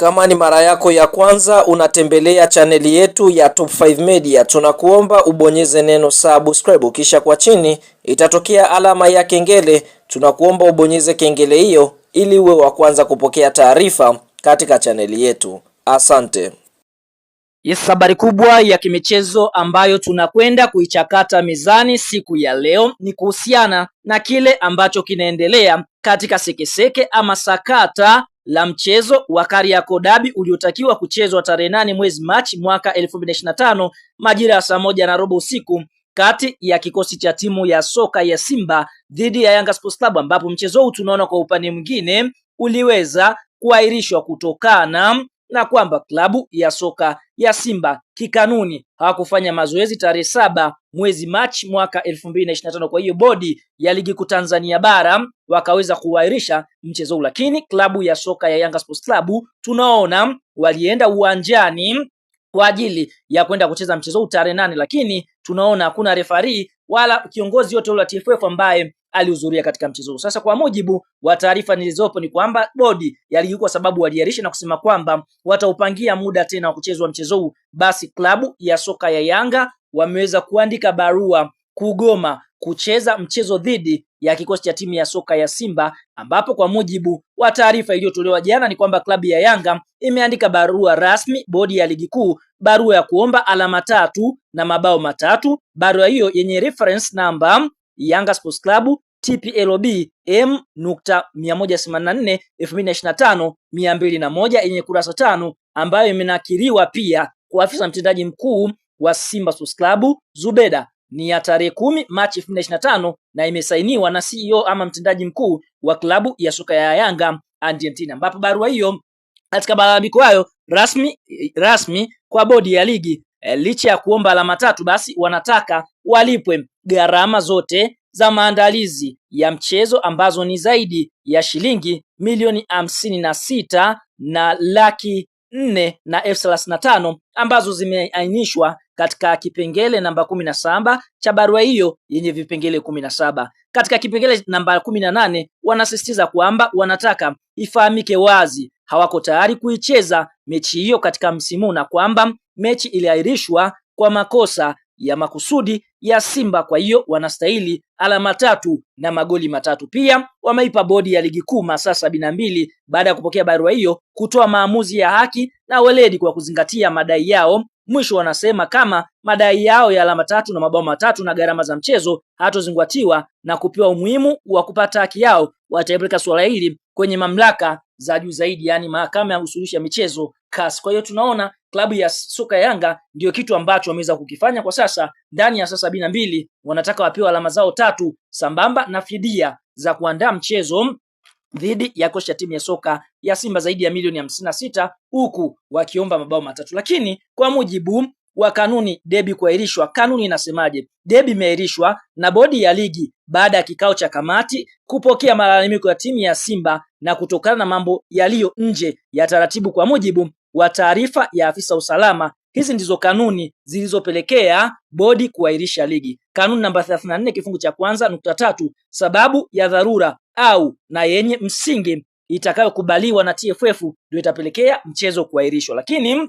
Kama ni mara yako ya kwanza unatembelea chaneli yetu ya Top 5 Media, tunakuomba ubonyeze neno subscribe, kisha kwa chini itatokea alama ya kengele. Tunakuomba ubonyeze kengele hiyo ili uwe wa kwanza kupokea taarifa katika chaneli yetu. Asante. Yes, habari kubwa ya kimichezo ambayo tunakwenda kuichakata mezani siku ya leo ni kuhusiana na kile ambacho kinaendelea katika sekeseke ama sakata la mchezo wa Kariakoo Derby uliotakiwa kuchezwa tarehe nane mwezi Machi mwaka 2025 majira ya saa moja na robo usiku kati ya kikosi cha timu ya soka ya Simba dhidi ya Yanga Sports Club, ambapo mchezo huu tunaona kwa upande mwingine uliweza kuahirishwa kutokana na kwamba klabu ya soka ya Simba kikanuni hawakufanya mazoezi tarehe saba mwezi Machi mwaka 2025. Kwa hiyo bodi ya ligi kuu Tanzania bara wakaweza kuahirisha mchezo huu, lakini klabu ya soka ya Yanga Sports Club tunaona walienda uwanjani kwa ajili ya kwenda kucheza mchezo huu tarehe nane, lakini tunaona hakuna refari wala kiongozi yote wa TFF ambaye alihudhuria katika mchezo huu. Sasa kwa mujibu wa taarifa nilizopo ni kwamba bodi ya ligi kwa sababu waliahirisha na kusema kwamba wataupangia muda tena wa kuchezwa mchezo huu, basi klabu ya soka ya Yanga wameweza kuandika barua kugoma kucheza mchezo dhidi ya kikosi cha timu ya soka ya Simba, ambapo kwa mujibu wa taarifa iliyotolewa jana ni kwamba klabu ya Yanga imeandika barua rasmi bodi ya ligi kuu, barua ya kuomba alama tatu na mabao matatu, barua hiyo yenye reference namba Yanga Sports Club TPLB M.184 2025 201 yenye kurasa tano ambayo imenakiliwa pia kwa afisa mtendaji mkuu wa Simba Sports Club Zubeda ni ya tarehe kumi Machi 2025 na na imesainiwa na CEO ama mtendaji mkuu wa klabu ya soka ya Yanga Argentina, ambapo barua hiyo katika malalamiko hayo rasmi rasmi kwa bodi ya ligi e, licha ya kuomba alama tatu, basi wanataka walipwe gharama zote za maandalizi ya mchezo ambazo ni zaidi ya shilingi milioni hamsini na sita na laki nne na elfu thelathini na tano ambazo zimeainishwa katika kipengele namba kumi na saba cha barua hiyo yenye vipengele kumi na saba. Katika kipengele namba kumi na nane wanasisitiza kwamba wanataka ifahamike wazi hawako tayari kuicheza mechi hiyo katika msimu na kwamba mechi iliahirishwa kwa makosa ya makusudi ya Simba. Kwa hiyo wanastahili alama tatu na magoli matatu. Pia wameipa bodi ya ligi kuu masaa sabini na mbili baada ya kupokea barua hiyo kutoa maamuzi ya haki na weledi kwa kuzingatia madai yao Mwisho wanasema kama madai yao ya alama tatu na mabao matatu na gharama za mchezo hatozingatiwa na kupewa umuhimu wa kupata haki yao, wataipeleka suala hili kwenye mamlaka za juu zaidi, yaani mahakama ya usuluhishi ya michezo CAS. Kwa hiyo tunaona klabu ya soka Yanga ndiyo kitu ambacho wameweza kukifanya kwa sasa. Ndani ya saa sabini na mbili wanataka wapewe alama zao tatu sambamba na fidia za kuandaa mchezo dhidi ya kocha timu ya soka ya Simba zaidi ya milioni hamsini na sita huku wakiomba mabao matatu, lakini kwa mujibu wa kanuni debi kuahirishwa. Kanuni inasemaje? Debi imeahirishwa na bodi ya ligi baada ya kikao cha kamati kupokea malalamiko ya timu ya Simba na kutokana na mambo yaliyo nje ya taratibu, kwa mujibu wa taarifa ya afisa usalama Hizi ndizo kanuni zilizopelekea bodi kuahirisha ligi. Kanuni namba 34 kifungu cha kwanza nukta tatu, sababu ya dharura au na yenye msingi itakayokubaliwa na TFF ndio itapelekea mchezo kuahirishwa. Lakini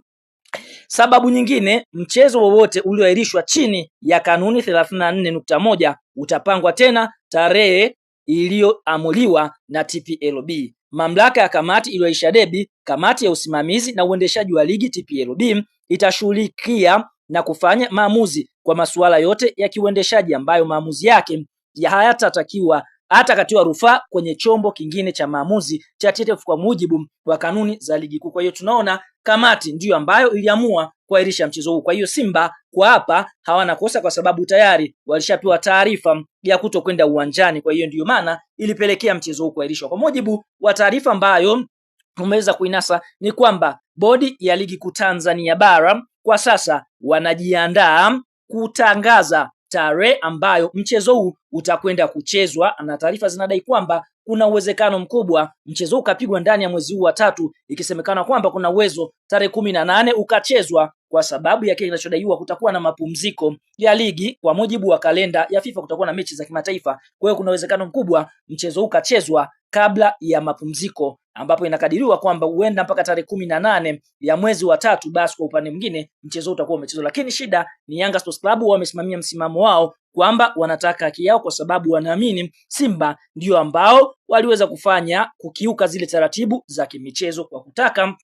sababu nyingine, mchezo wowote ulioahirishwa chini ya kanuni 34.1 utapangwa tena tarehe iliyoamuliwa na TPLB. Mamlaka ya kamati iliyoahirisha debi, kamati ya usimamizi na uendeshaji wa ligi TPLB itashughulikia na kufanya maamuzi kwa masuala yote ya kiuendeshaji ambayo maamuzi yake ya hayatatakiwa hata katiwa rufaa kwenye chombo kingine cha maamuzi cha TFF kwa mujibu wa kanuni za ligi kuu. Kwa hiyo tunaona kamati ndiyo ambayo iliamua kuahirisha mchezo huu. Kwa hiyo Simba kwa hapa hawana kosa, kwa sababu tayari walishapewa taarifa ya kutokwenda uwanjani. Kwa hiyo ndiyo maana ilipelekea mchezo huu kuahirishwa. Kwa mujibu wa taarifa ambayo umeweza kuinasa ni kwamba bodi ya ligi kuu Tanzania bara kwa sasa wanajiandaa kutangaza tarehe ambayo mchezo huu utakwenda kuchezwa, na taarifa zinadai kwamba kuna uwezekano mkubwa mchezo ukapigwa ndani ya mwezi huu wa tatu, ikisemekana kwamba kuna uwezo tarehe kumi na nane ukachezwa kwa sababu ya kile kinachodaiwa kutakuwa na mapumziko ya ligi. Kwa mujibu wa kalenda ya FIFA, kutakuwa na mechi za kimataifa, kwa hiyo kuna uwezekano mkubwa mchezo ukachezwa kabla ya mapumziko, ambapo inakadiriwa kwamba huenda mpaka tarehe kumi na nane ya mwezi wa tatu, basi kwa upande mwingine mchezo utakuwa umechezwa. Lakini shida ni Yanga Sports Club, wamesimamia msimamo wao kwamba wanataka haki yao kwa sababu wanaamini Simba ndio ambao waliweza kufanya kukiuka zile taratibu za kimichezo kwa kutaka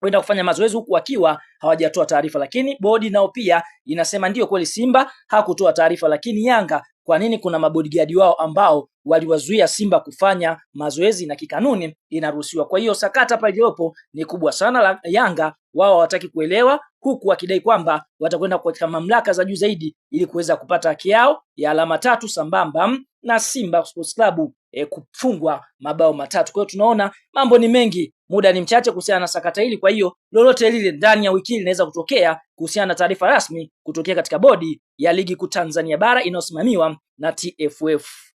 kwenda kufanya mazoezi huku wakiwa hawajatoa taarifa, lakini bodi nao pia inasema ndiyo kweli Simba hakutoa taarifa, lakini Yanga kwa nini? Kuna mabodigadi wao ambao waliwazuia Simba kufanya mazoezi na kikanuni inaruhusiwa. Kwa hiyo sakata hapa iliyopo ni kubwa sana la Yanga, wao hawataki kuelewa, huku wakidai kwamba watakwenda katika mamlaka za juu zaidi ili kuweza kupata haki yao ya alama tatu sambamba na Simba Sports Club e, kufungwa mabao matatu. Kwa hiyo tunaona mambo ni mengi muda ni mchache kuhusiana na sakata hili. Kwa hiyo lolote lile ndani ya wiki linaweza kutokea kuhusiana na taarifa rasmi kutokea katika bodi ya ligi kuu Tanzania bara inayosimamiwa na TFF.